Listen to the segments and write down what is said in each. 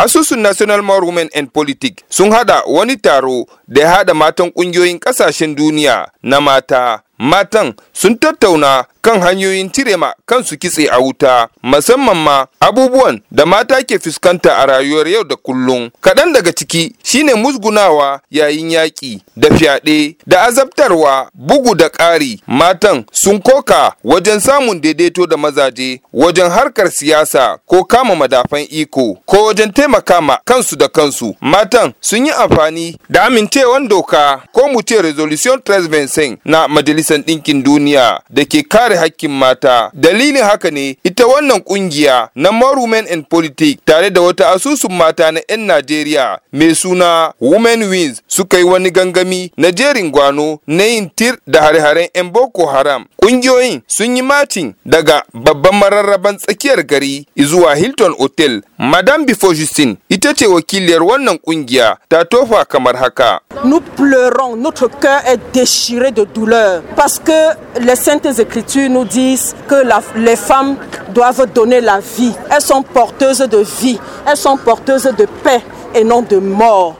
Asusun National More Women and Politics sun hada wani taro da ya hada matan ƙungiyoyin ƙasashen duniya na mata matan sun tattauna kan hanyoyin cire ma kansu kitse a wuta musamman ma abubuwan da mata ke fuskanta a rayuwar yau da kullum kaɗan daga ciki shine musgunawa yayin yaƙi da fyaɗe da azabtarwa bugu da ƙari matan sun koka wajen samun daidaito da mazaje wajen harkar siyasa ko kama madafan iko ko wajen taimaka ma kansu da kansu matan sun yi amfani da amincewan doka ko mu ce resolution 13 na majalisar majalisar ɗinkin duniya da ke kare hakkin mata dalilin haka ne ita wannan ƙungiya na more women in politics tare da wata asusun mata na 'yan najeriya mai suna women wins suka yi wani gangami na jerin gwano na yin tir da hare-haren 'yan boko haram ƙungiyoyin sun yi macin daga babban mararraban tsakiyar gari zuwa hilton hotel madam before justin ita ce wakiliyar wannan ƙungiya ta tofa kamar haka nous pleurons, notre cœur est déchiré de douleur parce que les saintes écritures nous disent que les femmes doivent donner la vie. Elles sont porteuses de vie, elles sont porteuses de paix et non de mort.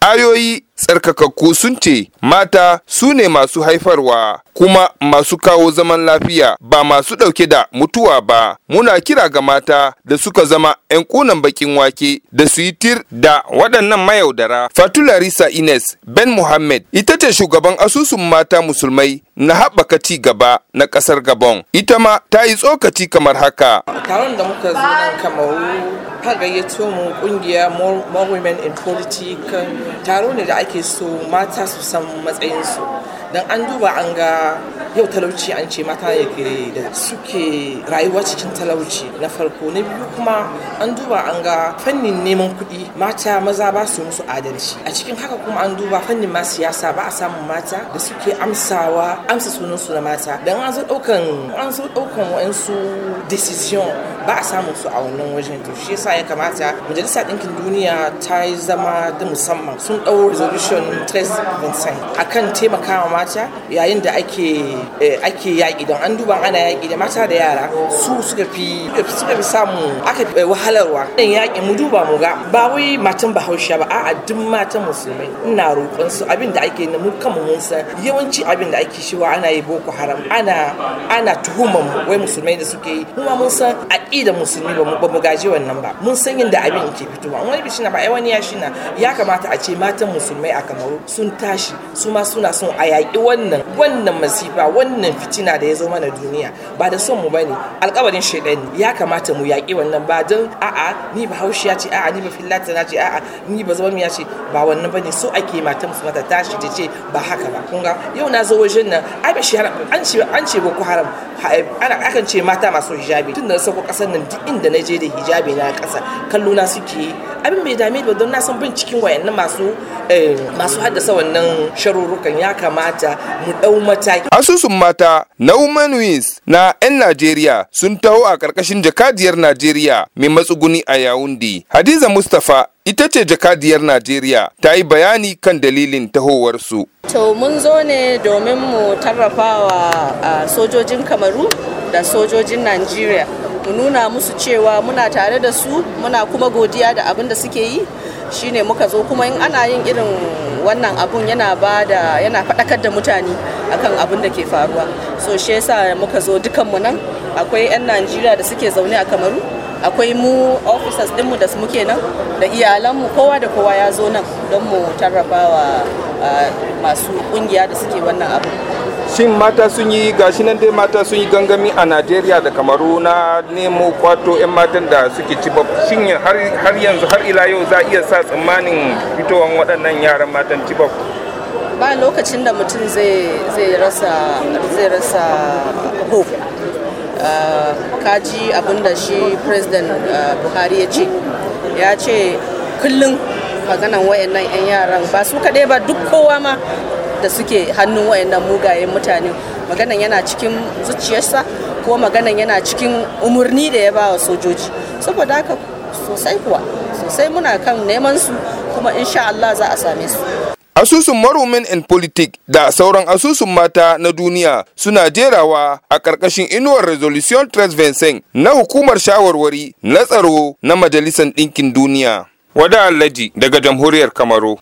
ayoyi tsarkakakku sun ce mata su ne masu haifarwa kuma masu kawo zaman lafiya ba masu ɗauke da mutuwa ba muna kira ga mata da suka zama 'yan kunan bakin wake da su yi tir da waɗannan mayaudara fatula risa ines ben muhammed ita ce shugaban asusun mata musulmai na haɓaka ci gaba na ƙasar gabon ita ma ta yi tsokaci kamar haka taron da muka zo nan mu more women in da ake so mata su san matsayinsu don an duba an ga yau talauci an ce mata ya ke da suke rayuwa cikin talauci na farko na biyu kuma an duba an ga fannin neman kuɗi mata maza ba su musu adalci a cikin haka kuma an duba fannin ma siyasa ba a samun mata da suke amsawa amsa sunan su na mata dan an zo daukan an zo daukan wayansu decision ba a samun su a wannan wajen to shi yasa ya kamata majalisar ɗinkin duniya ta yi zama da musamman sun ɗau resolution 325 akan taimakawa mata yayin da ake Eh, ake yaƙi don an duba ana yaƙi da mata da yara su suka fi suka fi samu aka fi eh, wahalarwa ɗan yaƙi mu duba mu ga ba wai matan bahaushe ba a'a duk matan musulmai ina roƙon su abin da ake na mu kama mun san yawanci abin da ake wa ana yi boko haram ana ana tuhumar mu wai musulmai da suke yi kuma mun san aƙidar musulmi ba mu gaji wannan ba mun san yadda abin ke fitowa wani bishina ba ai wani ya shina ya kamata a ce matan musulmai a kamaru sun tashi su ma suna son a yaƙi wannan wannan masifa wannan fitina da ya zo mana duniya ba da son mu bane alkawarin shaidani ya kamata mu yaƙi wannan ba don a'a ni ba ya ce a'a ni ba fillata na ce a'a ni ba zaman ya ce ba wannan bane so ake mata musu mata tashi ta ce ba haka ba kun ga yau na zo wajen nan ai ba shi haram an ce an ce boko haram eh, ana akan ce mata masu hijabi tun da na sauko kasar nan duk inda na je da hijabi na kasa kallo na suke abin bai dame ba don na san bin cikin wayannan masu Eh, masu haddasa wannan sharurrukan ya kamata mu ɗau mataki. Asusun mata na Women Wings na 'yan Najeriya sun taho a ƙarƙashin jakadiyar Najeriya mai matsuguni a Yawundi. Hadiza Mustapha ita ce jakadiyar Najeriya ta yi bayani kan dalilin tahowarsu. To mun zo ne domin mu tarrafawa sojojin Kamaru da sojojin Najeriya. Mu nuna musu cewa muna tare da su muna kuma godiya da abin da suke yi shine muka zo kuma in ana yin irin wannan abun yana ba da yana faɗakar da mutane akan abun da ke faruwa so shi yasa muka zo dukanmu nan akwai 'yan najeriya da suke zaune a kamaru akwai mu officers dinmu da muke nan da iyalanmu kowa da kowa ya zo nan don mu tarrafa wa ah, masu kungiya da suke wannan abun. shin mata sun yi gashi nan dai mata sun yi gangami a najeriya da kamaru na nemo kwato 'yan matan da suke ci ba shin har yanzu har ila yau za iya sa tsammanin fitowan waɗannan yaran matan ci ba ba lokacin da mutum zai rasa zai rasa hope ah, kaji abinda shi president ah, buhari ya ce ya ce kullum maganan wayannan 'yan yaran ba su kaɗai ba duk kowa ma da suke hannun wayannan mugayen mutane maganan yana cikin zuciyarsa ko maganan yana cikin umarni da ya ba wa sojoji saboda haka sosai kuwa sosai muna kan neman su kuma insha Allah za a same su Asusun Marumin in Politik da sauran asusun mata na duniya suna jerawa a ƙarƙashin inuwar Resolution transvencing na hukumar shawarwari na tsaro na Majalisar Ɗinkin Duniya. Wada Alhaji daga Jamhuriyar Kamaru.